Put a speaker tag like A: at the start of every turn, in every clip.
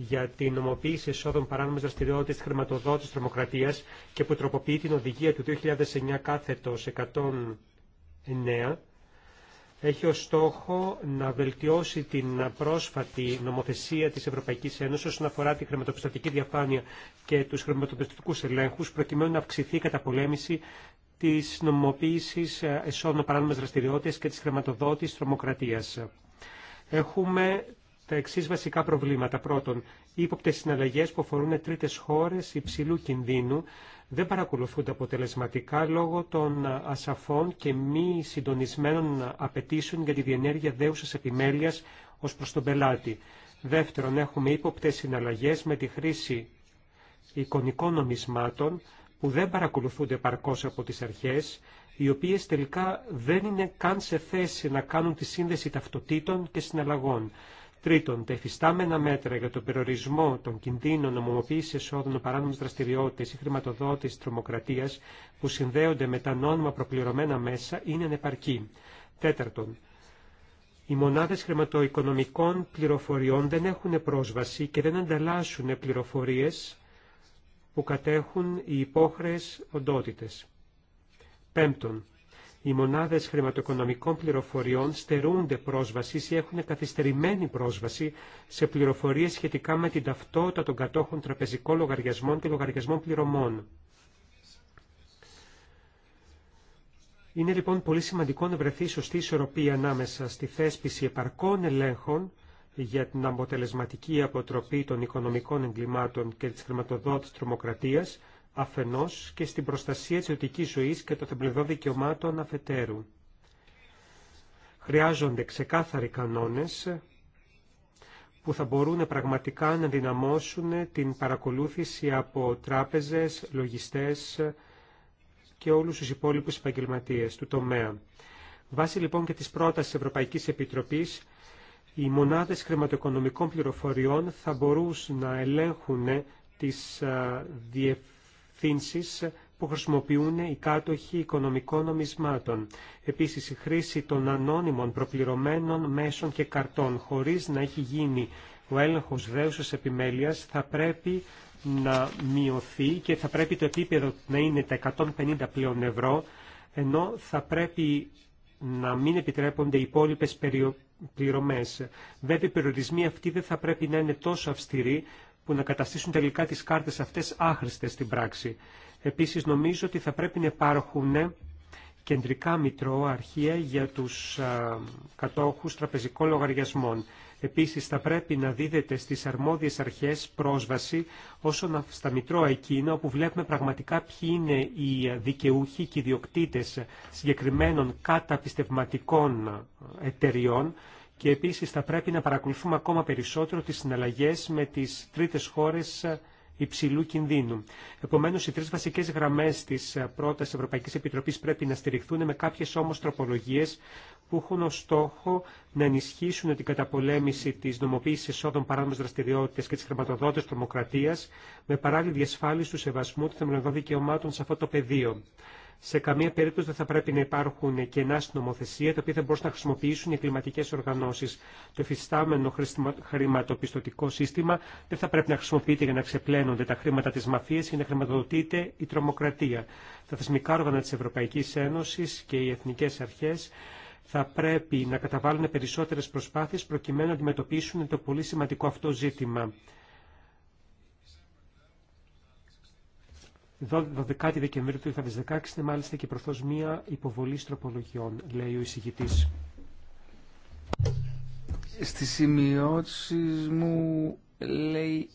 A: για την νομοποίηση εσόδων παράνομες δραστηριότητες της χρηματοδότησης τρομοκρατίας και που τροποποιεί την οδηγία του 2009 κάθετο 109 έχει ως στόχο να βελτιώσει την πρόσφατη νομοθεσία της Ευρωπαϊκής Ένωσης όσον αφορά τη χρηματοπιστωτική διαφάνεια και τους χρηματοπιστωτικούς ελέγχους προκειμένου να αυξηθεί η καταπολέμηση της νομοποίησης ε, εσόδων παράνομες δραστηριότητες και της χρηματοδότης τρομοκρατία. Έχουμε τα εξή βασικά προβλήματα. Πρώτον, οι ύποπτε συναλλαγέ που αφορούν τρίτε χώρε υψηλού κινδύνου δεν παρακολουθούνται αποτελεσματικά λόγω των ασαφών και μη συντονισμένων απαιτήσεων για τη διενέργεια δέουσα επιμέλεια ω προ τον πελάτη. Δεύτερον, έχουμε ύποπτε συναλλαγέ με τη χρήση εικονικών νομισμάτων που δεν παρακολουθούνται παρκώς από τι αρχέ, οι οποίες τελικά δεν είναι καν σε θέση να κάνουν τη σύνδεση ταυτοτήτων και συναλλαγών. Τρίτον, τα εφιστάμενα μέτρα για τον περιορισμό των κινδύνων νομοποίηση εσόδων παράνομη δραστηριότητα ή χρηματοδότηση τρομοκρατία που συνδέονται με τα νόμιμα προπληρωμένα μέσα είναι ανεπαρκή. Τέταρτον, οι μονάδε χρηματοοικονομικών πληροφοριών δεν έχουν πρόσβαση και δεν ανταλλάσσουν πληροφορίε που κατέχουν οι υπόχρεε οντότητε. Πέμπτον, οι μονάδες χρηματοοικονομικών πληροφοριών στερούνται πρόσβαση ή έχουν καθυστερημένη πρόσβαση σε πληροφορίες σχετικά με την ταυτότητα των κατόχων τραπεζικών λογαριασμών και λογαριασμών πληρωμών. Είναι λοιπόν πολύ σημαντικό να βρεθεί σωστή ισορροπία ανάμεσα στη θέσπιση επαρκών ελέγχων για την αποτελεσματική αποτροπή των οικονομικών εγκλημάτων και της χρηματοδότης τρομοκρατίας, αφενός και στην προστασία της ιδιωτικής ζωής και των θεμελιωδών δικαιωμάτων αφετέρου. Χρειάζονται ξεκάθαροι κανόνες που θα μπορούν πραγματικά να δυναμώσουν την παρακολούθηση από τράπεζες, λογιστές και όλους τους υπόλοιπους επαγγελματίε του τομέα. Βάσει λοιπόν και της πρότασης Ευρωπαϊκής Επιτροπής, οι μονάδες χρηματοοικονομικών πληροφοριών θα μπορούσαν να ελέγχουν τις διευθύνσεις που χρησιμοποιούν οι κάτοχοι οικονομικών νομισμάτων. Επίσης, η χρήση των ανώνυμων προπληρωμένων μέσων και καρτών, χωρίς να έχει γίνει ο έλεγχος δέουσας επιμέλειας, θα πρέπει να μειωθεί και θα πρέπει το επίπεδο να είναι τα 150 πλέον ευρώ, ενώ θα πρέπει να μην επιτρέπονται οι υπόλοιπε πληρωμές. Βέβαια, οι περιορισμοί αυτοί δεν θα πρέπει να είναι τόσο αυστηροί, που να καταστήσουν τελικά τις κάρτες αυτές άχρηστες στην πράξη. Επίσης νομίζω ότι θα πρέπει να υπάρχουν κεντρικά μητρώα αρχεία για τους α, κατόχους τραπεζικών λογαριασμών. Επίσης θα πρέπει να δίδεται στις αρμόδιες αρχές πρόσβαση όσον στα μητρώα εκείνα όπου βλέπουμε πραγματικά ποιοι είναι οι δικαιούχοι και οι διοκτήτες συγκεκριμένων καταπιστευματικών εταιριών και επίσης θα πρέπει να παρακολουθούμε ακόμα περισσότερο τις συναλλαγές με τις τρίτες χώρες υψηλού κινδύνου. Επομένως, οι τρεις βασικές γραμμές της πρώτας Ευρωπαϊκής Επιτροπής πρέπει να στηριχθούν με κάποιες όμως τροπολογίες που έχουν ως στόχο να ενισχύσουν την καταπολέμηση της νομοποίησης εσόδων παράνομες δραστηριότητες και της χρηματοδότης τρομοκρατίας με παράλληλη διασφάλιση του σεβασμού των θεμελιωδών δικαιωμάτων σε αυτό το πεδίο σε καμία περίπτωση δεν θα πρέπει να υπάρχουν κενά στην νομοθεσία τα οποία θα μπορούσαν να χρησιμοποιήσουν οι κλιματικέ οργανώσει. Το εφιστάμενο χρηματοπιστωτικό σύστημα δεν θα πρέπει να χρησιμοποιείται για να ξεπλένονται τα χρήματα τη μαφία ή να χρηματοδοτείται η τρομοκρατία. Τα θεσμικά όργανα τη Ευρωπαϊκή Ένωση και οι εθνικέ αρχέ θα πρέπει να καταβάλουν περισσότερε προσπάθειε προκειμένου να αντιμετωπίσουν το πολύ σημαντικό αυτό ζήτημα. 12 Δεκεμβρίου του 2016 είναι μάλιστα και προθεσμία υποβολή τροπολογιών, λέει ο εισηγητής.
B: Στι σημειώσει μου λέει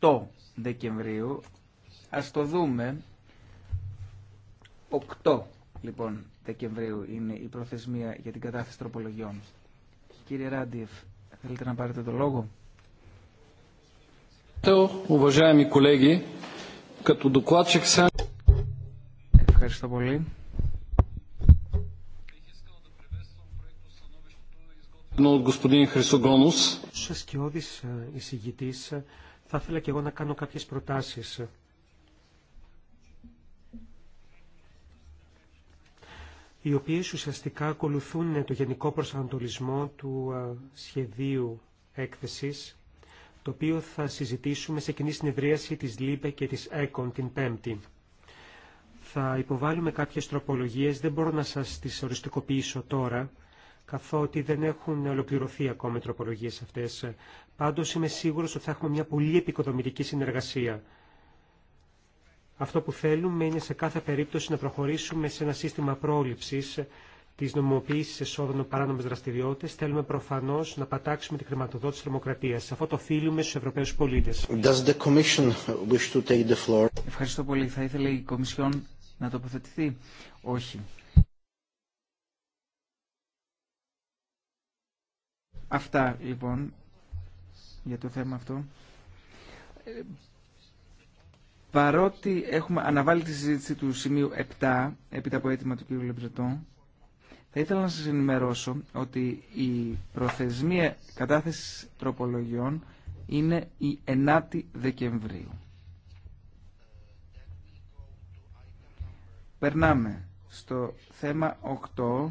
B: 8 Δεκεμβρίου. Ας το δούμε. 8 λοιπόν Δεκεμβρίου είναι η προθεσμία για την κατάθεση τροπολογιών. Κύριε Ράντιεφ, θέλετε να πάρετε το λόγο. Ευχαριστώ πολύ.
A: Σα όδης ε, εισηγητής. Ε, θα ήθελα και εγώ να κάνω κάποιες προτάσεις, οι οποίες ουσιαστικά ακολουθούν το γενικό προσανατολισμό του ε, σχεδίου έκθεσης το οποίο θα συζητήσουμε σε κοινή συνευρίαση της ΛΥΠΕ και της ΕΚΟΝ την Πέμπτη. Θα υποβάλουμε κάποιες τροπολογίες, δεν μπορώ να σας τις οριστικοποιήσω τώρα, καθότι δεν έχουν ολοκληρωθεί ακόμα οι τροπολογίες αυτές. Πάντως είμαι σίγουρος ότι θα έχουμε μια πολύ επικοδομητική συνεργασία. Αυτό που θέλουμε είναι σε κάθε περίπτωση να προχωρήσουμε σε ένα σύστημα πρόληψης, τη νομοποίηση εσόδων παράνομε δραστηριότητε, θέλουμε προφανώ να πατάξουμε τη χρηματοδότηση τη τρομοκρατία. Αυτό το οφείλουμε
B: στου Ευρωπαίου πολίτε. Ευχαριστώ πολύ. Θα ήθελε η Κομισιόν να τοποθετηθεί. Όχι. Αυτά λοιπόν για το θέμα αυτό. Παρότι έχουμε αναβάλει τη συζήτηση του σημείου 7, επί τα αποέτοιμα του κ. Λεμπρετών, θα ήθελα να σας ενημερώσω ότι η προθεσμία κατάθεσης τροπολογιών είναι η 9η Δεκεμβρίου. Περνάμε στο θέμα 8,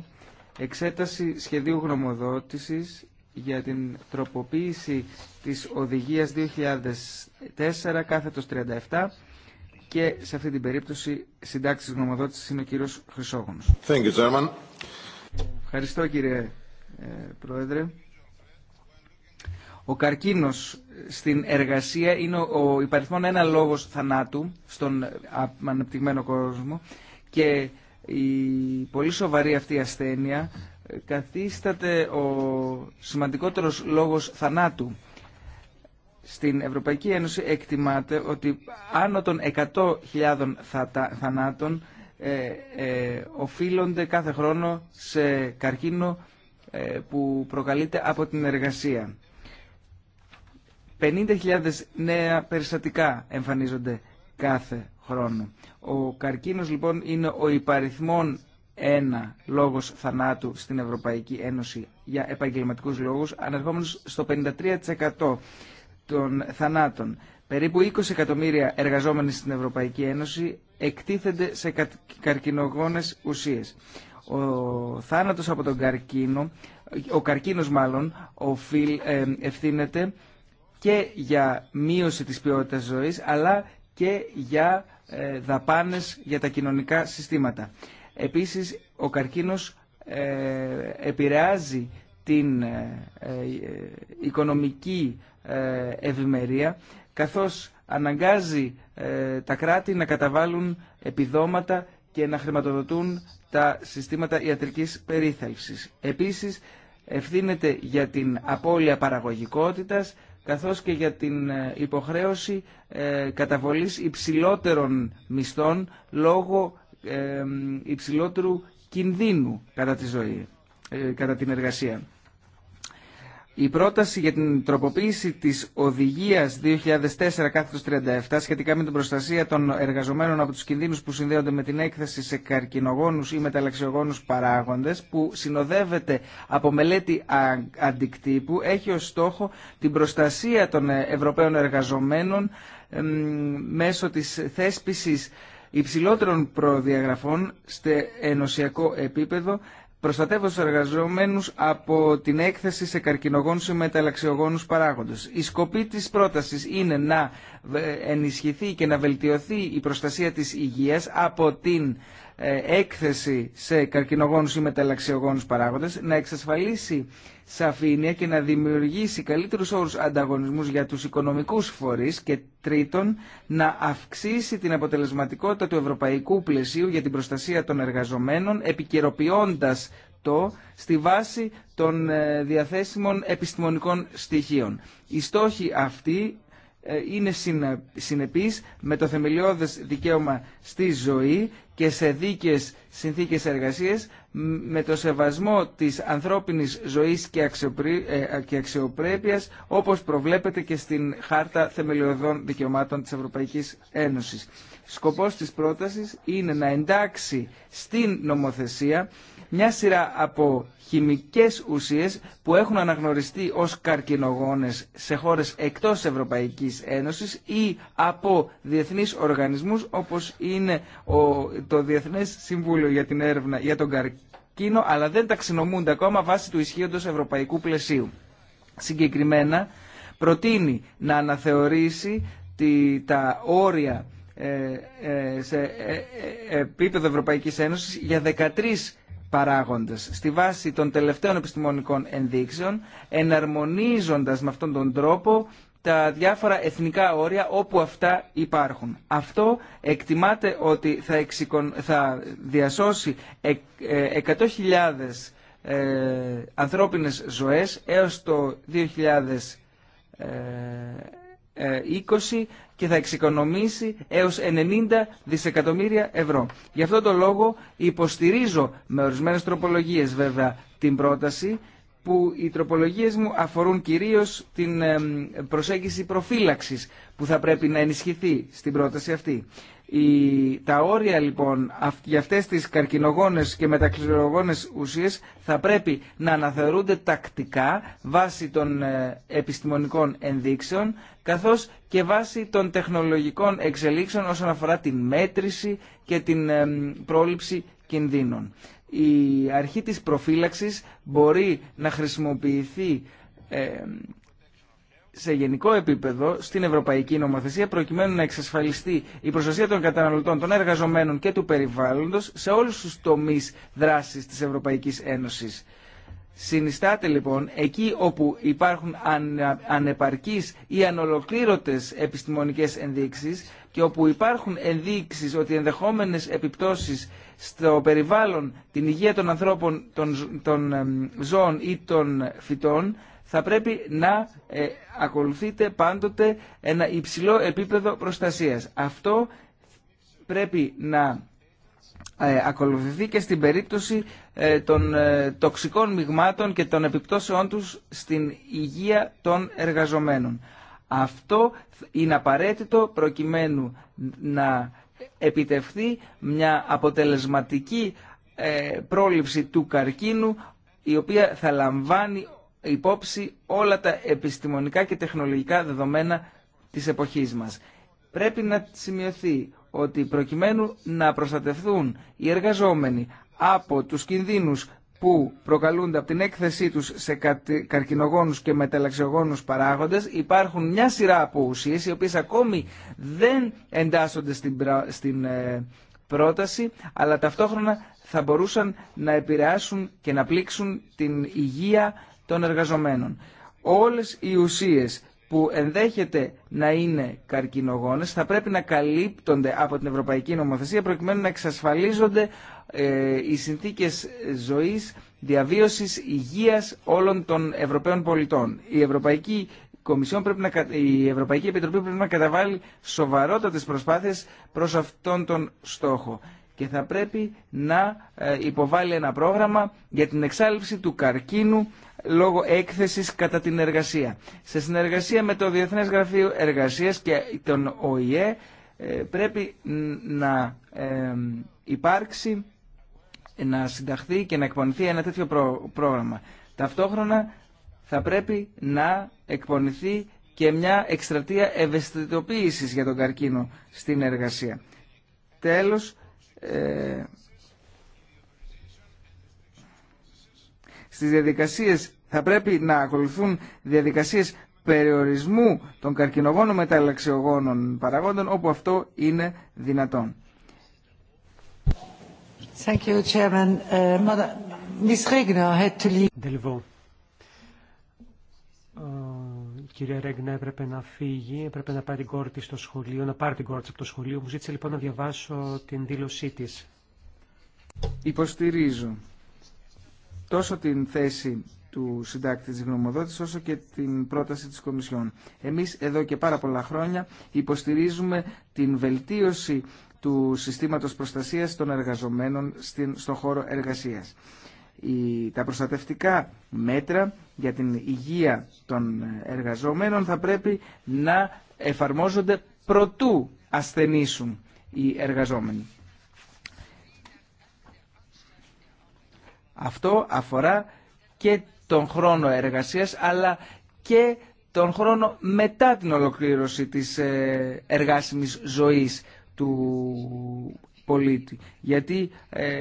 B: εξέταση σχεδίου γνωμοδότησης για την τροποποίηση της οδηγίας 2004 κάθετος 37 και σε αυτή την περίπτωση συντάξεις γνωμοδότησης είναι ο κύριος Χρυσόγονος. Ευχαριστώ κύριε ε, Πρόεδρε. Ο καρκίνος στην εργασία είναι ο υπαριθμόν ένα λόγος θανάτου στον ε, αναπτυγμένο κόσμο και η πολύ σοβαρή αυτή ασθένεια ε, καθίσταται ο σημαντικότερος λόγος θανάτου. Στην Ευρωπαϊκή Ένωση εκτιμάται ότι άνω των 100.000 θανάτων ε, ε, οφείλονται κάθε χρόνο σε καρκίνο ε, που προκαλείται από την εργασία. 50.000 νέα περιστατικά εμφανίζονται κάθε χρόνο. Ο καρκίνος λοιπόν είναι ο υπαριθμόν ένα λόγος θανάτου στην Ευρωπαϊκή Ένωση για επαγγελματικούς λόγους, ανερχόμενος στο 53% των θανάτων. Περίπου 20 εκατομμύρια εργαζόμενοι στην Ευρωπαϊκή Ένωση εκτίθενται σε καρκινογόνες ουσίες. Ο θάνατος από τον καρκίνο, ο καρκίνος μάλλον, οφείλ, ε, ευθύνεται και για μείωση της ποιότητας ζωής, αλλά και για ε, δαπάνες για τα κοινωνικά συστήματα. Επίσης, ο καρκίνος ε, επηρεάζει την οικονομική ευημερία καθώς αναγκάζει ε, τα κράτη να καταβάλουν επιδόματα και να χρηματοδοτούν τα συστήματα ιατρικής περίθαλψης. Επίσης, ευθύνεται για την απώλεια παραγωγικότητας, καθώς και για την ε, υποχρέωση ε, καταβολής υψηλότερων μισθών λόγω ε, υψηλότερου κινδύνου κατά τη ζωή, κατά την εργασία. Η πρόταση για την τροποποίηση της οδηγίας 2004-37 σχετικά με την προστασία των εργαζομένων από τους κινδύνους που συνδέονται με την έκθεση σε καρκινογόνους ή μεταλλαξιογόνου παράγοντες που συνοδεύεται από μελέτη αντικτύπου έχει ως στόχο την προστασία των Ευρωπαίων εργαζομένων μέσω της θέσπιση υψηλότερων προδιαγραφών σε ενωσιακό επίπεδο προστατεύω του εργαζομένους από την έκθεση σε καρκινογόνους ή μεταλλαξιογόνους παράγοντες. Η σκοπή της πρότασης είναι να ε, ενισχυθεί και να βελτιωθεί η προστασία της υγείας από την ε, έκθεση σε καρκινογόνους ή μεταλλαξιογόνους παράγοντες, να εξασφαλίσει σαφήνεια και να δημιουργήσει καλύτερους όρους ανταγωνισμούς για τους οικονομικούς φορείς και τρίτον να αυξήσει την αποτελεσματικότητα του ευρωπαϊκού πλαισίου για την προστασία των εργαζομένων επικαιροποιώντας το στη βάση των ε, διαθέσιμων επιστημονικών στοιχείων. Οι στόχοι αυτοί ε, είναι συνεπής με το θεμελιώδες δικαίωμα στη ζωή και σε δίκες συνθήκες εργασίας με το σεβασμό της ανθρώπινης ζωής ε, και αξιοπρέπειας όπως προβλέπεται και στην Χάρτα Θεμελιωδών Δικαιωμάτων της Ευρωπαϊκής Ένωσης. Σκοπός της πρότασης είναι να εντάξει στην νομοθεσία μια σειρά από χημικές ουσίες που έχουν αναγνωριστεί ως καρκινογόνες σε χώρες εκτός Ευρωπαϊκής Ένωσης ή από διεθνείς οργανισμούς όπως είναι ο το Διεθνές Συμβούλιο για την Έρευνα για τον Καρκίνο, αλλά δεν ταξινομούνται ακόμα βάσει του ισχύοντος ευρωπαϊκού πλαισίου. Συγκεκριμένα, προτείνει να αναθεωρήσει τη, τα όρια ε, ε σε ε, ε, επίπεδο Ευρωπαϊκής Ένωσης για 13 παράγοντες στη βάση των τελευταίων επιστημονικών ενδείξεων εναρμονίζοντας με αυτόν τον τρόπο τα διάφορα εθνικά όρια όπου αυτά υπάρχουν. Αυτό εκτιμάται ότι θα, θα διασώσει 100.000 ε, ε, ανθρώπινες ζωές έως το 2020 ε, ε, και θα εξοικονομήσει έως 90 δισεκατομμύρια ευρώ. Γι' αυτό το λόγο υποστηρίζω με ορισμένες τροπολογίες βέβαια την πρόταση που οι τροπολογίες μου αφορούν κυρίως την προσέγγιση προφύλαξης που θα πρέπει να ενισχυθεί στην πρόταση αυτή. Η, τα όρια λοιπόν για αυτές τις καρκινογόνες και μετακληρογόνες ουσίες θα πρέπει να αναθεωρούνται τακτικά βάσει των ε, επιστημονικών ενδείξεων καθώς και βάσει των τεχνολογικών εξελίξεων όσον αφορά την μέτρηση και την πρόληψη κινδύνων η αρχή της προφύλαξης μπορεί να χρησιμοποιηθεί ε, σε γενικό επίπεδο στην Ευρωπαϊκή Νομοθεσία προκειμένου να εξασφαλιστεί η προστασία των καταναλωτών, των εργαζομένων και του περιβάλλοντος σε όλους τους τομείς δράσης της Ευρωπαϊκής Ένωσης. Συνιστάται λοιπόν εκεί όπου υπάρχουν ανεπαρκείς ή ανολοκλήρωτες επιστημονικές ενδείξεις και όπου υπάρχουν ενδείξεις ότι ενδεχόμενες επιπτώσεις στο περιβάλλον, την υγεία των ανθρώπων, των, των ζώων ή των φυτών, θα πρέπει να ε, ακολουθείτε πάντοτε ένα υψηλό επίπεδο προστασίας. Αυτό πρέπει να ε, ακολουθηθεί και στην περίπτωση ε, των ε, τοξικών μειγμάτων και των επιπτώσεών τους στην υγεία των εργαζομένων. Αυτό είναι απαραίτητο προκειμένου να επιτευχθεί μια αποτελεσματική ε, πρόληψη του καρκίνου η οποία θα λαμβάνει υπόψη όλα τα επιστημονικά και τεχνολογικά δεδομένα της εποχής μας. Πρέπει να σημειωθεί ότι προκειμένου να προστατευτούν οι εργαζόμενοι από τους κινδύνους που προκαλούνται από την έκθεσή τους σε καρκινογόνους και μεταλλαξιογόνους παράγοντες υπάρχουν μια σειρά από ουσίες οι οποίες ακόμη δεν εντάσσονται στην ε, πρόταση αλλά ταυτόχρονα θα μπορούσαν να επηρεάσουν και να πλήξουν την υγεία των εργαζομένων. Όλες οι ουσίες που ενδέχεται να είναι καρκινογόνες θα πρέπει να καλύπτονται από την Ευρωπαϊκή Νομοθεσία προκειμένου να εξασφαλίζονται ε, οι συνθήκες ζωής, διαβίωσης, υγείας όλων των Ευρωπαίων πολιτών. Η Ευρωπαϊκή πρέπει να, η Ευρωπαϊκή Επιτροπή πρέπει να καταβάλει σοβαρότατες προσπάθειες προς αυτόν τον στόχο και θα πρέπει να ε, υποβάλει ένα πρόγραμμα για την εξάλληψη του καρκίνου λόγω έκθεσης κατά την εργασία. Σε συνεργασία με το Διεθνές Γραφείο Εργασίας και τον ΟΗΕ ε, πρέπει να ε, υπάρξει, να συνταχθεί και να εκπονηθεί ένα τέτοιο πρόγραμμα. Ταυτόχρονα θα πρέπει να εκπονηθεί και μια εκστρατεία ευαισθητοποίησης για τον καρκίνο στην εργασία. Τέλος, ε, στις διαδικασίες θα πρέπει να ακολουθούν διαδικασίες περιορισμού των καρκινογόνων μεταλλαξιογόνων παραγόντων όπου αυτό είναι δυνατόν.
A: Ε, κυρία Ρέγνα έπρεπε να φύγει, έπρεπε να πάρει την κόρη στο σχολείο, να πάρει την κόρη από το σχολείο. Μου ζήτησε λοιπόν να διαβάσω την δήλωσή
B: της. Υποστηρίζω τόσο την θέση του συντάκτη της γνωμοδότης όσο και την πρόταση της Κομισιόν. Εμείς εδώ και πάρα πολλά χρόνια υποστηρίζουμε την βελτίωση του συστήματος προστασίας των εργαζομένων στον χώρο εργασίας τα προστατευτικά μέτρα για την υγεία των εργαζομένων θα πρέπει να εφαρμόζονται προτού ασθενήσουν οι εργαζόμενοι. Αυτό αφορά και τον χρόνο εργασίας αλλά και τον χρόνο μετά την ολοκλήρωση της ε, εργάσιμης ζωής του πολίτη. Γιατί ε,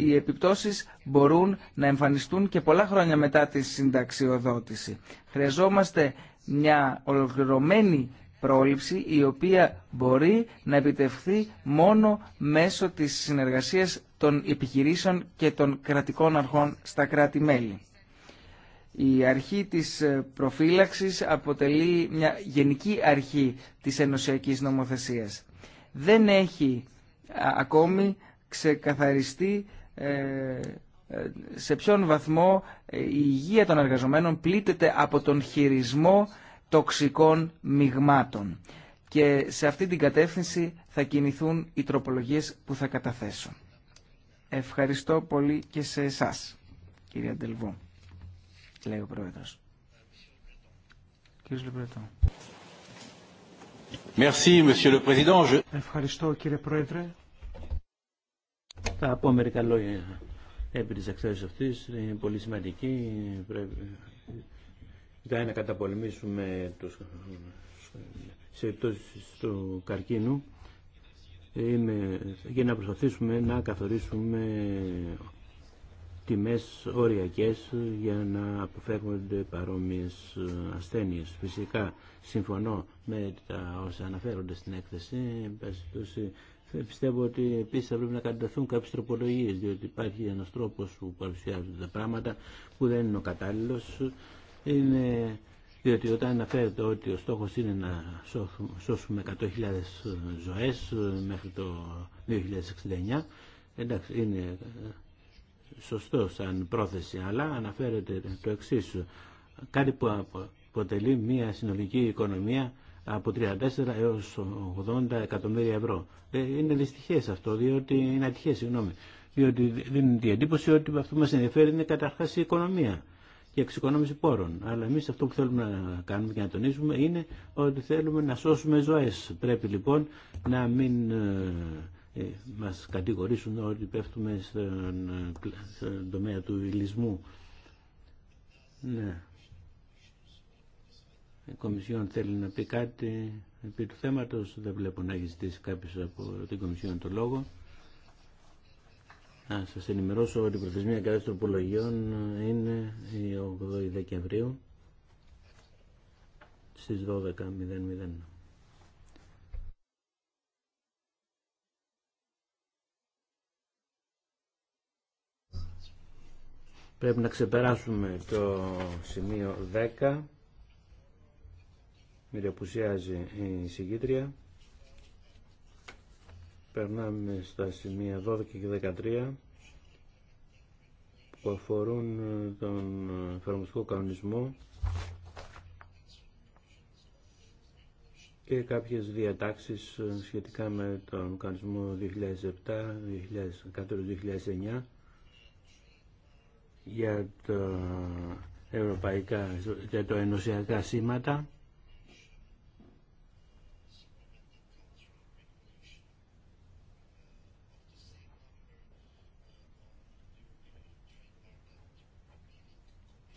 B: οι επιπτώσεις μπορούν να εμφανιστούν και πολλά χρόνια μετά τη συνταξιοδότηση. Χρειαζόμαστε μια ολοκληρωμένη πρόληψη η οποία μπορεί να επιτευχθεί μόνο μέσω της συνεργασίας των επιχειρήσεων και των κρατικών αρχών στα κράτη-μέλη. Η αρχή της ε, προφύλαξης αποτελεί μια γενική αρχή της ενωσιακής νομοθεσίας. Δεν έχει ακόμη ξεκαθαριστεί ε, ε, σε ποιον βαθμό ε, η υγεία των εργαζομένων πλήττεται από τον χειρισμό τοξικών μειγμάτων. Και σε αυτή την κατεύθυνση θα κινηθούν οι τροπολογίες που θα καταθέσω. Ευχαριστώ πολύ και σε εσάς, κύριε Αντελβού, λέει ο Πρόεδρος. Κύριε Λεπρετό.
A: Ευχαριστώ, κύριε Πρόεδρε.
C: Θα πω μερικά λόγια επί της αυτής. Είναι πολύ σημαντική. Πρέπει... να καταπολεμήσουμε τους... σε του καρκίνου. και να προσπαθήσουμε να καθορίσουμε τιμές οριακές για να αποφεύγονται παρόμοιες ασθένειες. Φυσικά συμφωνώ με τα όσα αναφέρονται στην έκθεση. Πιστεύω ότι επίσης θα πρέπει να κατατεθούν κάποιες τροπολογίες, διότι υπάρχει ένας τρόπος που παρουσιάζονται τα πράγματα που δεν είναι ο κατάλληλος. Είναι διότι όταν αναφέρεται ότι ο στόχος είναι να σώσουμε 100.000 ζωές μέχρι το 2069, εντάξει είναι σωστό σαν πρόθεση, αλλά αναφέρεται το εξής, κάτι που αποτελεί μια συνολική οικονομία από 34 έως 80 εκατομμύρια ευρώ. Ε, είναι δυστυχές αυτό, διότι είναι ατυχές, συγγνώμη. Διότι δίνουν την εντύπωση ότι αυτό που μας ενδιαφέρει είναι καταρχάς η οικονομία και εξοικονόμηση πόρων. Αλλά εμείς αυτό που θέλουμε να κάνουμε και να τονίσουμε είναι ότι θέλουμε να σώσουμε ζωές. Πρέπει λοιπόν να μην ε, ε, μας κατηγορήσουν ότι πέφτουμε στον τομέα του υλισμού. Ναι η Κομισιόν θέλει να πει κάτι επί του θέματος. Δεν βλέπω να έχει ζητήσει κάποιος από την Κομισιόν το λόγο. Να σας ενημερώσω ότι η προθεσμία κατά τροπολογιών είναι η 8η Δεκεμβρίου στις 12.00. Πρέπει να ξεπεράσουμε το σημείο 10 μοιραπουσιάζει η συγκίτρια. Περνάμε στα σημεία 12 και 13 που αφορούν ε, τον ε, εφαρμοστικό κανονισμό και κάποιες διατάξεις ε, σχετικά με τον κανονισμό 2007-2009 για, τα ευρωπαϊκά, για τα ενωσιακά σήματα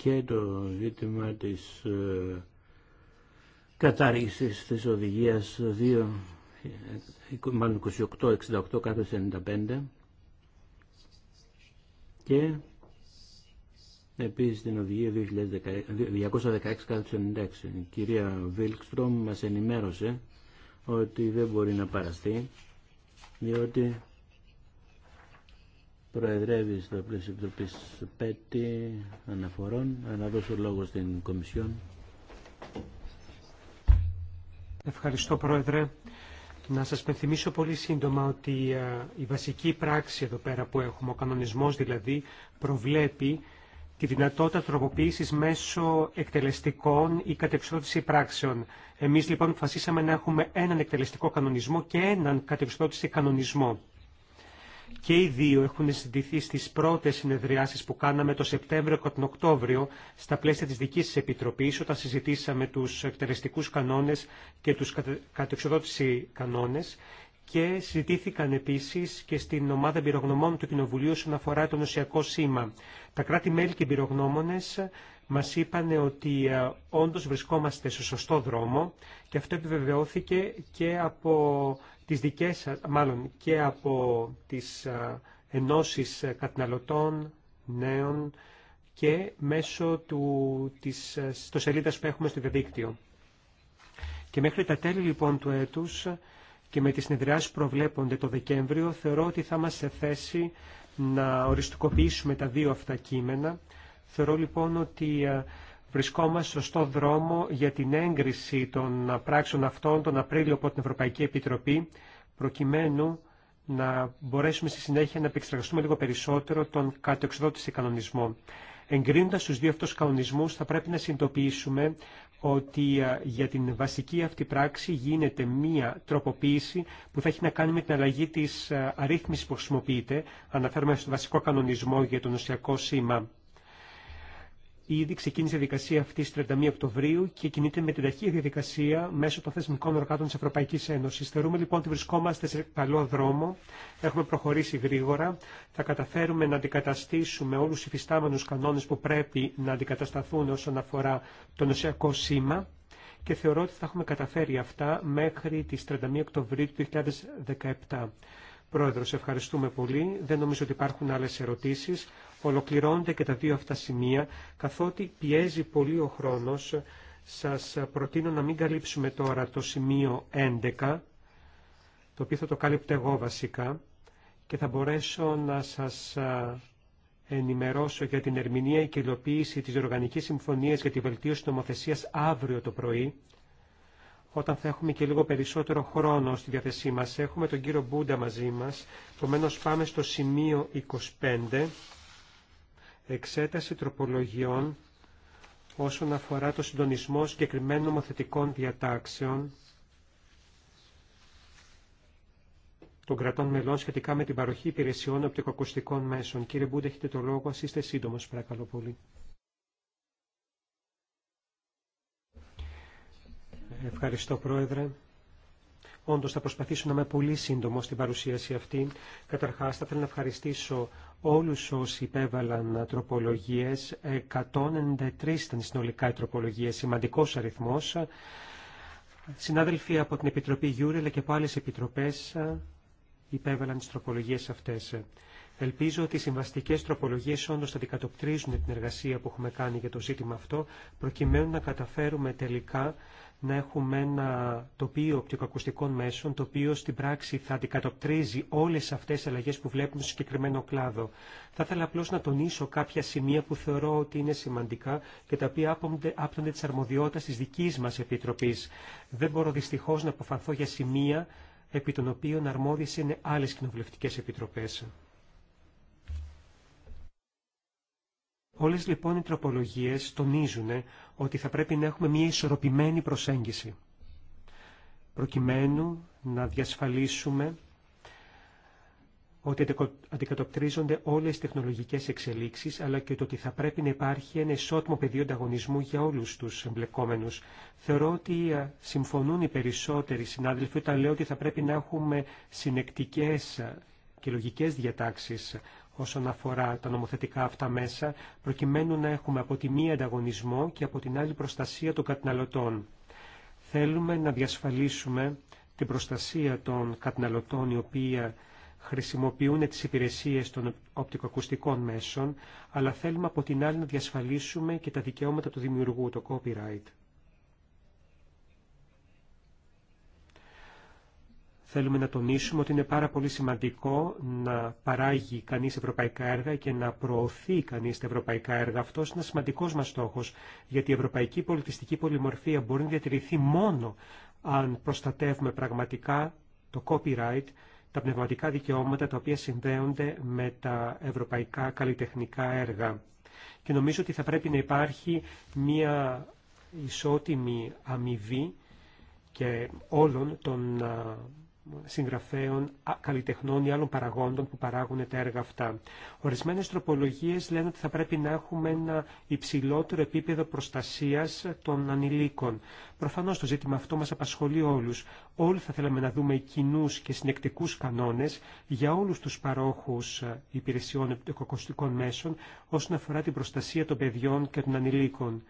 C: και το ζήτημα της ε, κατάργησης της οδηγίας 2, μάλλον 95 και επίσης την οδηγία 216-96. Η κυρία Βίλκστρομ μας ενημέρωσε ότι δεν μπορεί να παραστεί διότι προεδρεύει στο πλαίσιο Επιτροπής Πέτη Αναφορών. Να δώσω λόγο στην Κομισιόν.
A: Ευχαριστώ Πρόεδρε. Να σας πενθυμίσω πολύ σύντομα ότι η βασική πράξη εδώ πέρα που έχουμε, ο κανονισμός δηλαδή, προβλέπει τη δυνατότητα τροποποίησης μέσω εκτελεστικών ή κατεξοδότηση πράξεων. Εμείς λοιπόν φασίσαμε να έχουμε έναν εκτελεστικό κανονισμό και έναν κατεξοδότηση κανονισμό και οι δύο έχουν συντηθεί στις πρώτες συνεδριάσεις που κάναμε το Σεπτέμβριο και τον Οκτώβριο στα πλαίσια της δικής της Επιτροπής όταν συζητήσαμε τους εκτελεστικούς κανόνες και τους κατεξοδότηση κανόνες και συζητήθηκαν επίσης και στην ομάδα εμπειρογνωμών του Κοινοβουλίου όσον αφορά το νοσιακό σήμα. Τα κράτη-μέλη και εμπειρογνώμονες μας είπαν ότι ε, όντως βρισκόμαστε στο σωστό δρόμο και αυτό επιβεβαιώθηκε και από τις δικές μάλλον και από τις ενώσεις ε, καταναλωτών, νέων και μέσω του, της ε, στο σελίδας που έχουμε στο διαδίκτυο. Και μέχρι τα τέλη λοιπόν του έτους και με τις συνεδριάσεις που προβλέπονται το Δεκέμβριο θεωρώ ότι θα μας σε θέση να οριστικοποιήσουμε τα δύο αυτά κείμενα. Θεωρώ λοιπόν ότι ε, βρισκόμαστε στο σωστό δρόμο για την έγκριση των πράξεων αυτών τον Απρίλιο από την Ευρωπαϊκή Επιτροπή, προκειμένου να μπορέσουμε στη συνέχεια να επεξεργαστούμε λίγο περισσότερο τον κατεξοδότηση κανονισμό. Εγκρίνοντα του δύο αυτού κανονισμού, θα πρέπει να συνειδητοποιήσουμε ότι για την βασική αυτή πράξη γίνεται μία τροποποίηση που θα έχει να κάνει με την αλλαγή τη αρρύθμιση που χρησιμοποιείται. Αναφέρομαι στο βασικό κανονισμό για το νοσιακό σήμα. Ήδη ξεκίνησε η διαδικασία αυτή στις 31 Οκτωβρίου και κινείται με την ταχύη διαδικασία μέσω των θεσμικών οργάνων της Ευρωπαϊκής Ένωσης. Θεωρούμε λοιπόν ότι βρισκόμαστε σε καλό δρόμο, έχουμε προχωρήσει γρήγορα, θα καταφέρουμε να αντικαταστήσουμε όλους οι φυστάμενους κανόνες που πρέπει να αντικατασταθούν όσον αφορά το νοσιακό σήμα και θεωρώ ότι θα έχουμε καταφέρει αυτά μέχρι τις 31 Οκτωβρίου του 2017. Πρόεδρος, ευχαριστούμε πολύ. Δεν νομίζω ότι υπάρχουν άλλες ερωτήσεις. Ολοκληρώνονται και τα δύο αυτά σημεία, καθότι πιέζει πολύ ο χρόνος. Σας προτείνω να μην καλύψουμε τώρα το σημείο 11, το οποίο θα το κάλυπτε εγώ βασικά, και θα μπορέσω να σας ενημερώσω για την ερμηνεία και υλοποίηση της Οργανικής Συμφωνίας για τη Βελτίωση Νομοθεσίας αύριο το πρωί, όταν θα έχουμε και λίγο περισσότερο χρόνο στη διάθεσή μας. Έχουμε τον κύριο Μπούντα μαζί μας, επομένω πάμε στο σημείο 25 εξέταση τροπολογιών όσον αφορά το συντονισμό συγκεκριμένων νομοθετικών διατάξεων των κρατών μελών σχετικά με την παροχή υπηρεσιών οπτικοακουστικών μέσων. Κύριε Μπούντε, έχετε το λόγο. Ας είστε σύντομος, παρακαλώ πολύ. Ευχαριστώ, Πρόεδρε. Όντω, θα προσπαθήσω να είμαι πολύ σύντομο στην παρουσίαση αυτή. Καταρχάς, θα ήθελα να ευχαριστήσω όλους όσοι υπέβαλαν τροπολογίες, 193 ήταν συνολικά οι τροπολογίες, σημαντικός αριθμός. Συνάδελφοι από την Επιτροπή Γιούρι, και από άλλες επιτροπές υπέβαλαν τις τροπολογίες αυτές. Ελπίζω ότι οι συμβαστικέ τροπολογίε όντω θα αντικατοπτρίζουν την εργασία που έχουμε κάνει για το ζήτημα αυτό, προκειμένου να καταφέρουμε τελικά να έχουμε ένα τοπίο οπτικοακουστικών μέσων, το οποίο στην πράξη θα αντικατοπτρίζει όλες αυτές τις αλλαγές που βλέπουμε στο συγκεκριμένο κλάδο. Θα ήθελα απλώς να τονίσω κάποια σημεία που θεωρώ ότι είναι σημαντικά και τα οποία άπτονται της αρμοδιότητας της δικής μας Επιτροπής. Δεν μπορώ δυστυχώς να αποφανθώ για σημεία επί των οποίων αρμόδιες είναι άλλες κοινοβουλευτικές επιτροπές. Όλες λοιπόν οι τροπολογίες τονίζουν ε, ότι θα πρέπει να έχουμε μια ισορροπημένη προσέγγιση προκειμένου να διασφαλίσουμε ότι αντικατοπτρίζονται όλες οι τεχνολογικές εξελίξεις, αλλά και ότι θα πρέπει να υπάρχει ένα ισότιμο πεδίο ανταγωνισμού για όλους τους εμπλεκόμενους. Θεωρώ ότι ε, συμφωνούν οι περισσότεροι συνάδελφοι όταν λέω ότι θα πρέπει να έχουμε συνεκτικές και λογικές διατάξεις όσον αφορά τα νομοθετικά αυτά μέσα, προκειμένου να έχουμε από τη μία ανταγωνισμό και από την άλλη προστασία των καταναλωτών. Θέλουμε να διασφαλίσουμε την προστασία των καταναλωτών οι οποίοι χρησιμοποιούν τις υπηρεσίες των οπτικοακουστικών μέσων, αλλά θέλουμε από την άλλη να διασφαλίσουμε και τα δικαιώματα του δημιουργού, το copyright. Θέλουμε να τονίσουμε ότι είναι πάρα πολύ σημαντικό να παράγει κανείς ευρωπαϊκά έργα και να προωθεί κανείς τα ευρωπαϊκά έργα. Αυτός είναι ένα σημαντικός μας στόχος, γιατί η ευρωπαϊκή πολιτιστική πολυμορφία μπορεί να διατηρηθεί μόνο αν προστατεύουμε πραγματικά το copyright, τα πνευματικά δικαιώματα τα οποία συνδέονται με τα ευρωπαϊκά καλλιτεχνικά έργα. Και νομίζω ότι θα πρέπει να υπάρχει μια ισότιμη αμοιβή και όλων των συγγραφέων, καλλιτεχνών ή άλλων παραγόντων που παράγουν τα έργα αυτά. Ορισμένες τροπολογίες λένε ότι θα πρέπει να έχουμε ένα υψηλότερο επίπεδο προστασίας των ανηλίκων. Προφανώς το ζήτημα αυτό μας απασχολεί όλους. Όλοι θα θέλαμε να δούμε κοινού και συνεκτικούς κανόνες για όλους τους παρόχους ε, υπηρεσιών εκοκοστικών μέσων όσον αφορά την προστασία των παιδιών και των ανηλίκων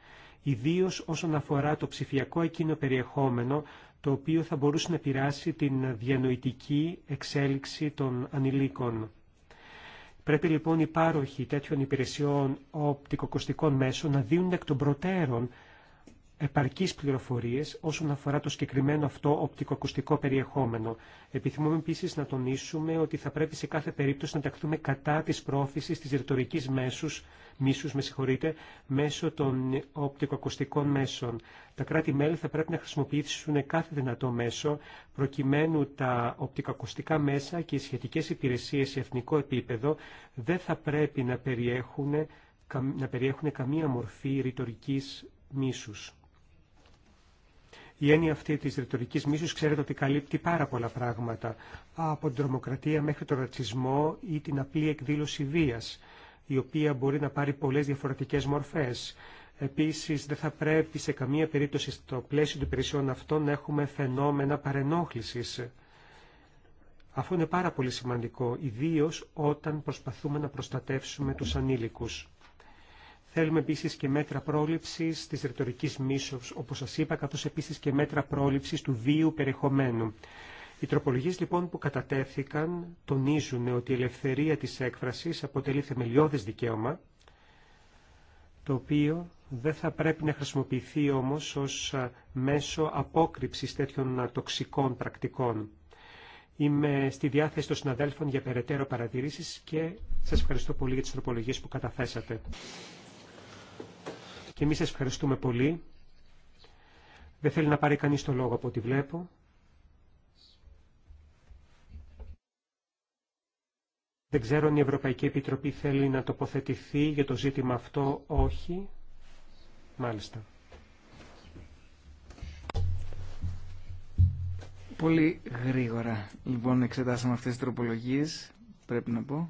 A: ιδίω όσον αφορά το ψηφιακό εκείνο περιεχόμενο, το οποίο θα μπορούσε να πειράσει την διανοητική εξέλιξη των ανηλίκων. Πρέπει λοιπόν οι πάροχοι τέτοιων υπηρεσιών οπτικοκοστικών μέσων να δίνουν εκ των προτέρων επαρκείς πληροφορίες όσον αφορά το συγκεκριμένο αυτό οπτικοακουστικό περιεχόμενο. Επιθυμούμε επίση να τονίσουμε ότι θα πρέπει σε κάθε περίπτωση να ταχθούμε κατά της πρόθεσης της ρητορικής μέσους, μίσους με συγχωρείτε, μέσω των οπτικοακουστικών μέσων. Τα κράτη-μέλη θα πρέπει να χρησιμοποιήσουν κάθε δυνατό μέσο προκειμένου τα οπτικοακουστικά μέσα και οι σχετικές υπηρεσίες σε εθνικό επίπεδο δεν θα πρέπει να περιέχουν, να περιέχουν καμία μορφή ρητορικής μίσους. Η έννοια αυτή της ρητορικής μίσους ξέρετε ότι καλύπτει πάρα πολλά πράγματα, από την τρομοκρατία μέχρι τον ρατσισμό ή την απλή εκδήλωση βίας, η οποία μπορεί να πάρει πολλές διαφορετικές μορφές. Επίσης, δεν θα πρέπει σε καμία περίπτωση στο πλαίσιο των υπηρεσιών αυτών να έχουμε φαινόμενα παρενόχλησης. Αυτό είναι πάρα πολύ σημαντικό, ιδίως όταν προσπαθούμε να προστατεύσουμε τους ανήλικους. Θέλουμε επίση και μέτρα πρόληψη τη ρητορική μίσου, όπω σα είπα, καθώ επίση και μέτρα πρόληψη του βίου περιεχομένου. Οι τροπολογίε λοιπόν που κατατέθηκαν τονίζουν ότι η ελευθερία τη έκφραση αποτελεί θεμελιώδε δικαίωμα, το οποίο δεν θα πρέπει να χρησιμοποιηθεί όμως ως μέσο απόκρυψης τέτοιων τοξικών πρακτικών. Είμαι στη διάθεση των συναδέλφων για περαιτέρω παρατηρήσεις και σας ευχαριστώ πολύ για τις τροπολογίες που καταθέσατε. Και εμείς ευχαριστούμε πολύ. Δεν θέλει να πάρει κανεί το λόγο από ό,τι βλέπω. Δεν ξέρω αν η Ευρωπαϊκή Επιτροπή θέλει να τοποθετηθεί για το ζήτημα αυτό, όχι.
B: Μάλιστα. Πολύ γρήγορα. Λοιπόν, εξετάσαμε αυτές τις τροπολογίες, πρέπει να πω.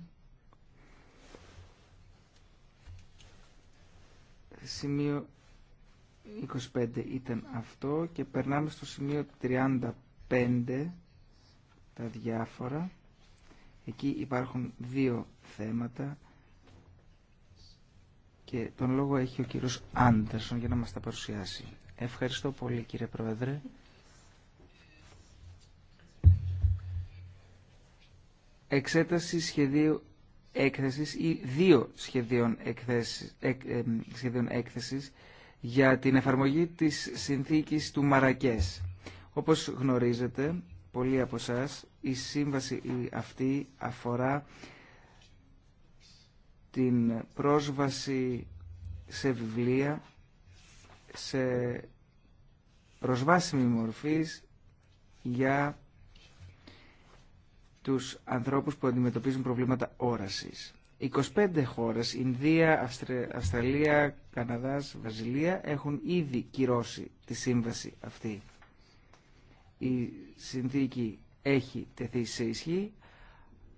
B: Σημείο 25 ήταν αυτό και περνάμε στο σημείο 35 τα διάφορα. Εκεί υπάρχουν δύο θέματα και τον λόγο έχει ο κύριος Άντερσον για να μας τα παρουσιάσει. Ευχαριστώ πολύ κύριε Πρόεδρε. Εξέταση σχεδίου έκθεσης ή δύο σχεδίων, εκθέσεις, έκθεσης για την εφαρμογή της συνθήκης του Μαρακές. Όπως γνωρίζετε, πολλοί από εσά, η σύμβαση αυτή αφορά την πρόσβαση σε βιβλία, σε προσβάσιμη μορφής για τους ανθρώπους που αντιμετωπίζουν προβλήματα όρασης. 25 χώρες, Ινδία, Αυστραλία, Καναδάς, Βαζιλία, έχουν ήδη κυρώσει τη σύμβαση αυτή. Η συνθήκη έχει τεθεί σε ισχύ.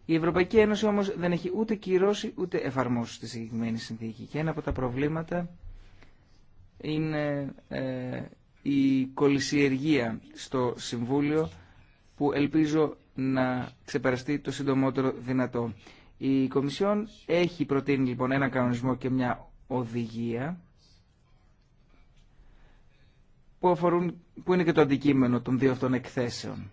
B: Η Ευρωπαϊκή Ένωση όμως δεν έχει ούτε κυρώσει ούτε εφαρμόσει τη συγκεκριμένη συνθήκη. Και ένα από τα προβλήματα είναι ε, η κολυσιεργία στο Συμβούλιο που ελπίζω να ξεπεραστεί το συντομότερο δυνατό. Η Κομισιόν έχει προτείνει λοιπόν ένα κανονισμό και μια οδηγία που, αφορούν, που είναι και το αντικείμενο των δύο αυτών εκθέσεων.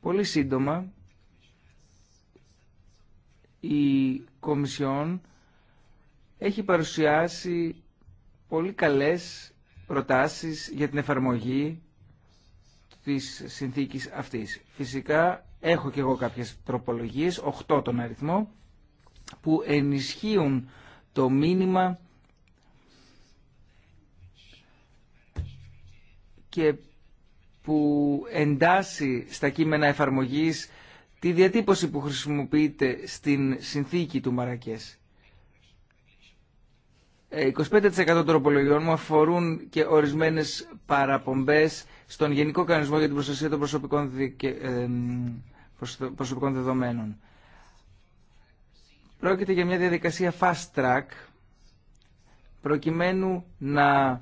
B: Πολύ σύντομα η Κομισιόν έχει παρουσιάσει πολύ καλές προτάσεις για την εφαρμογή της συνθήκης Φυσικά έχω και εγώ κάποιες τροπολογίες, 8 τον αριθμό, που ενισχύουν το μήνυμα και που εντάσσει στα κείμενα εφαρμογής τη διατύπωση που χρησιμοποιείται στην συνθήκη του Μαρακές. 25% ε, των τροπολογιών μου αφορούν και ορισμένε παραπομπέ στον Γενικό Κανονισμό για την Προστασία των Προσωπικών, ε, προσωπικών Δεδομένων. Πρόκειται για μια διαδικασία fast track προκειμένου να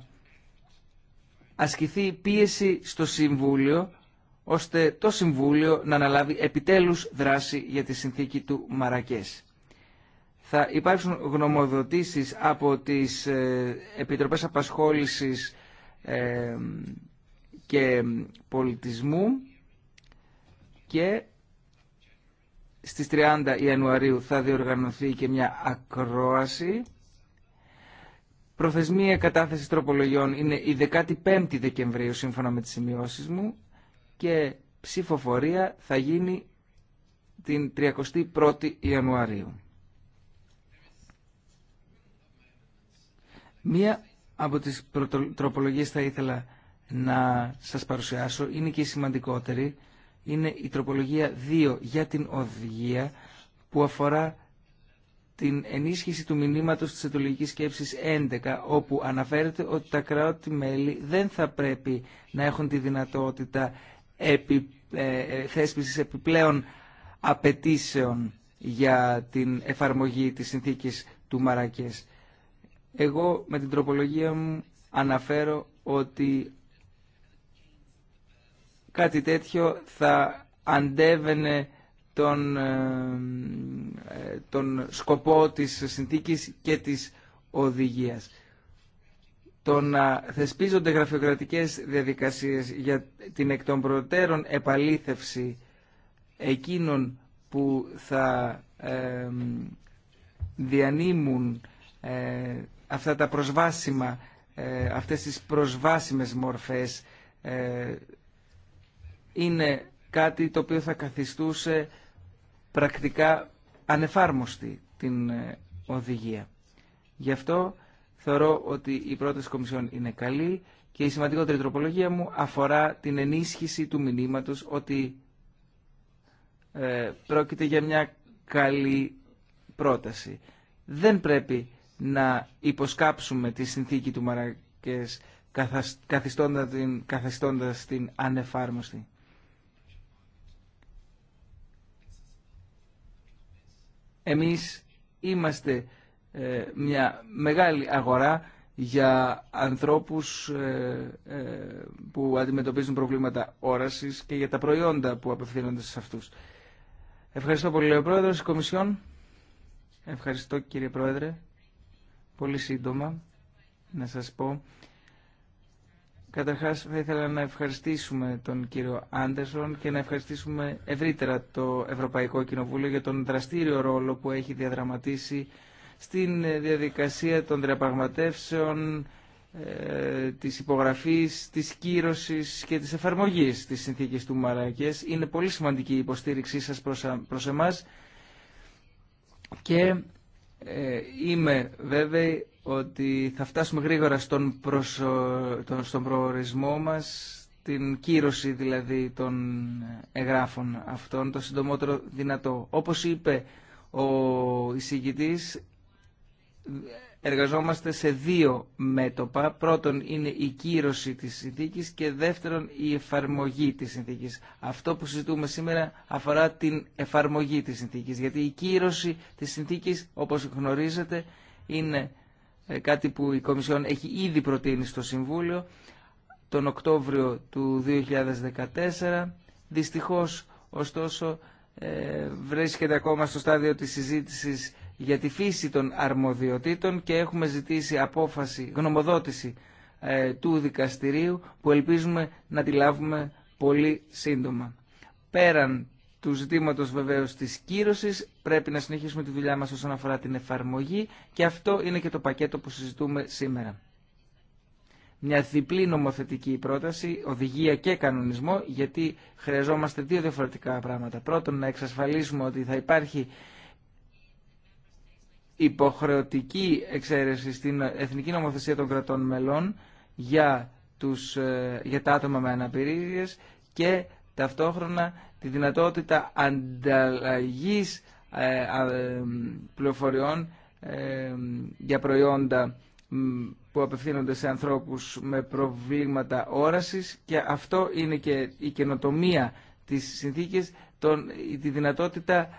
B: ασκηθεί πίεση στο Συμβούλιο ώστε το Συμβούλιο να αναλάβει επιτέλους δράση για τη συνθήκη του Μαρακές θα υπάρξουν γνωμοδοτήσεις από τις ε, Επιτροπές Απασχόλησης ε, και Πολιτισμού και στις 30 Ιανουαρίου θα διοργανωθεί και μια ακρόαση. Προθεσμία κατάθεση τροπολογιών είναι η 15η Δεκεμβρίου σύμφωνα με τις σημειώσεις μου και ψηφοφορία θα γίνει την 31η Ιανουαρίου. Μία από τις τροπολογίες θα ήθελα να σας παρουσιάσω, είναι και η σημαντικότερη, είναι η τροπολογία 2 για την οδηγία που αφορά την ενίσχυση του μηνύματος της ετολογικής σκέψης 11, όπου αναφέρεται ότι τα κράτη-μέλη δεν θα πρέπει να έχουν τη δυνατότητα επι, ε, ε, θέσπισης επιπλέον απαιτήσεων για την εφαρμογή της συνθήκης του Μαρακές. Εγώ με την τροπολογία μου αναφέρω ότι κάτι τέτοιο θα αντέβαινε τον, ε, τον σκοπό της συνθήκης και της οδηγίας. Το να θεσπίζονται γραφειοκρατικές διαδικασίες για την εκ των προτέρων επαλήθευση εκείνων που θα ε, διανύμουν ε, αυτά τα προσβάσιμα, ε, αυτές τις προσβάσιμες μορφές ε, είναι κάτι το οποίο θα καθιστούσε πρακτικά ανεφάρμοστη την ε, οδηγία. Γι' αυτό θεωρώ ότι η πρόταση Κομισιόν είναι καλή και η σημαντικότερη τροπολογία μου αφορά την ενίσχυση του μηνύματος ότι ε, πρόκειται για μια καλή πρόταση. Δεν πρέπει να υποσκάψουμε τη συνθήκη του Μαρακές καθιστώντας την, ανεφάρμοστη. Εμείς είμαστε ε, μια μεγάλη αγορά για ανθρώπους ε, ε, που αντιμετωπίζουν προβλήματα όρασης και για τα προϊόντα που απευθύνονται σε αυτούς. Ευχαριστώ πολύ, ο Πρόεδρος της Κομισιόν. Ευχαριστώ, κύριε Πρόεδρε πολύ σύντομα να σας πω. Καταρχάς θα ήθελα να ευχαριστήσουμε τον κύριο Άντερσον και να ευχαριστήσουμε ευρύτερα το Ευρωπαϊκό Κοινοβούλιο για τον δραστήριο ρόλο που έχει διαδραματίσει στην διαδικασία των διαπραγματεύσεων ε, της υπογραφής, της κύρωσης και της εφαρμογής της συνθήκης του Μαρακές. Είναι πολύ σημαντική η υποστήριξή σας προς εμάς και ε, είμαι βέβαιη ότι θα φτάσουμε γρήγορα στον, στον προορισμό μας, την κύρωση δηλαδή των εγγράφων αυτών, το συντομότερο δυνατό. Όπως είπε ο εισηγητής, εργαζόμαστε σε δύο μέτωπα. Πρώτον είναι η κύρωση της συνθήκης και δεύτερον η εφαρμογή της συνθήκης. Αυτό που συζητούμε σήμερα αφορά την εφαρμογή της συνθήκης, γιατί η κύρωση της συνθήκης, όπως γνωρίζετε, είναι ε, κάτι που η Κομισιόν έχει ήδη προτείνει στο Συμβούλιο τον Οκτώβριο του 2014. Δυστυχώς, ωστόσο, ε, βρίσκεται ακόμα στο στάδιο της συζήτησης για τη φύση των αρμοδιοτήτων και έχουμε ζητήσει απόφαση, γνωμοδότηση ε, του δικαστηρίου που ελπίζουμε να τη λάβουμε πολύ σύντομα. Πέραν του ζητήματος βεβαίως της κύρωσης πρέπει να συνεχίσουμε τη δουλειά μας όσον αφορά την εφαρμογή και αυτό είναι και το πακέτο που συζητούμε σήμερα. Μια διπλή νομοθετική πρόταση, οδηγία και κανονισμό, γιατί χρειαζόμαστε δύο διαφορετικά πράγματα. Πρώτον, να εξασφαλίσουμε ότι θα υπάρχει υποχρεωτική εξαίρεση στην εθνική νομοθεσία των κρατών μελών για, τους, ε, για τα άτομα με αναπηρίες και ταυτόχρονα τη δυνατότητα ανταλλαγής ε, ε, πληροφοριών για προϊόντα που απευθύνονται σε ανθρώπους με προβλήματα όρασης και αυτό είναι και η καινοτομία της συνθήκης, τον, τη δυνατότητα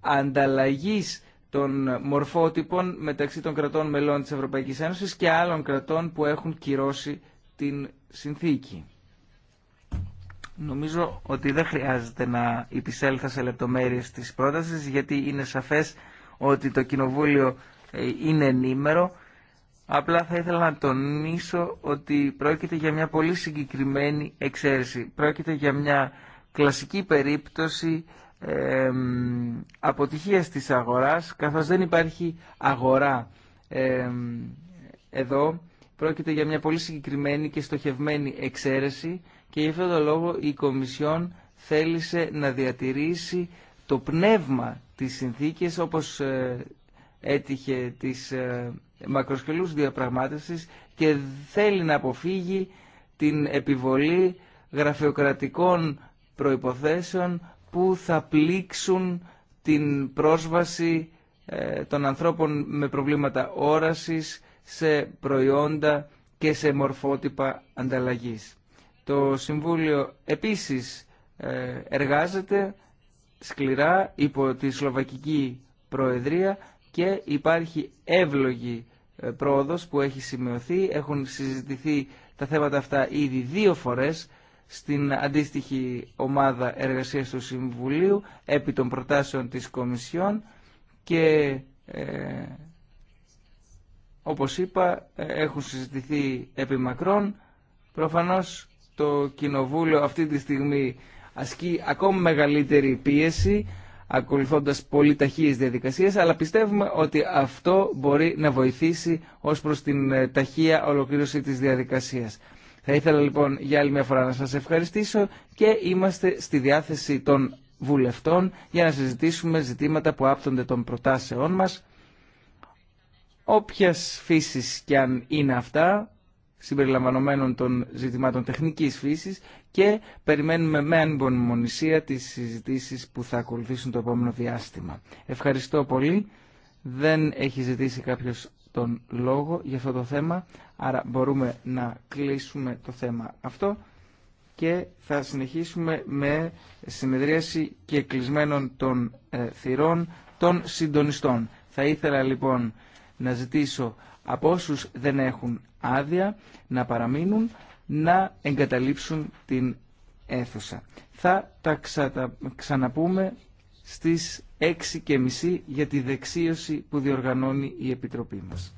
B: ανταλλαγής των μορφότυπων μεταξύ των κρατών μελών της Ευρωπαϊκής Ένωσης και άλλων κρατών που έχουν κυρώσει την συνθήκη. Νομίζω ότι δεν χρειάζεται να υπησέλθω σε λεπτομέρειες της πρότασης γιατί είναι σαφές ότι το Κοινοβούλιο ε, είναι ενήμερο. Απλά θα ήθελα να τονίσω ότι πρόκειται για μια πολύ συγκεκριμένη εξαίρεση. Πρόκειται για μια κλασική περίπτωση ε, αποτυχίας της αγοράς καθώς δεν υπάρχει αγορά εδώ πρόκειται για μια πολύ συγκεκριμένη και στοχευμένη εξαίρεση και γι' αυτόν τον λόγο η Κομισιόν θέλησε να διατηρήσει το πνεύμα της συνθήκης όπως ε, έτυχε της ε, μακροσκελούς διαπραγμάτευσης και θέλει να αποφύγει την επιβολή γραφειοκρατικών προϋποθέσεων που θα πλήξουν την πρόσβαση ε, των ανθρώπων με προβλήματα όρασης σε προϊόντα και σε μορφότυπα ανταλλαγής. Το Συμβούλιο επίσης ε, εργάζεται σκληρά υπό τη Σλοβακική Προεδρία και υπάρχει εύλογη ε, πρόοδος που έχει σημειωθεί. Έχουν συζητηθεί τα θέματα αυτά ήδη δύο φορές στην αντίστοιχη ομάδα εργασίας του Συμβουλίου επί των προτάσεων της Κομισιόν και ε, όπως είπα ε, έχουν συζητηθεί επί μακρόν. Προφανώς το Κοινοβούλιο αυτή τη στιγμή ασκεί ακόμη μεγαλύτερη πίεση ακολουθώντας πολύ ταχύες διαδικασίες, αλλά πιστεύουμε ότι αυτό μπορεί να βοηθήσει ως προς την ε, ταχεία ολοκλήρωση της διαδικασίας. Θα ήθελα λοιπόν για άλλη μια φορά να σας ευχαριστήσω και είμαστε στη διάθεση των βουλευτών για να συζητήσουμε ζητήματα που άπτονται των προτάσεών μας, όποιας φύσης και αν είναι αυτά, συμπεριλαμβανομένων των ζητημάτων τεχνικής φύσης και περιμένουμε με ανυπομονησία τις συζητήσεις που θα ακολουθήσουν το επόμενο διάστημα. Ευχαριστώ πολύ. Δεν έχει ζητήσει κάποιος τον λόγο για αυτό το θέμα, άρα μπορούμε να κλείσουμε το θέμα αυτό και θα συνεχίσουμε με συνεδρίαση και κλεισμένων των ε, θυρών των συντονιστών. Θα ήθελα λοιπόν να ζητήσω από όσους δεν έχουν άδεια να παραμείνουν να εγκαταλείψουν την αίθουσα. Θα τα ξαναπούμε στις 6.30 για τη δεξίωση που διοργανώνει η Επιτροπή μας.